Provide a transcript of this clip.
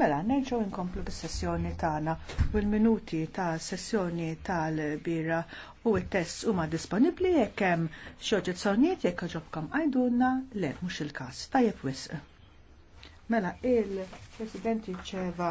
Mela, nerġgħu nkomplu bis-sessjoni tagħna u l-minuti ta' sessjoni tal-bira u t tests huma disponibbli jekk hemm xi oġġezzjonijiet jekk ġobkom għajdunna le mhux il-każ. Tajjeb wisq. Mela, il-President ċeva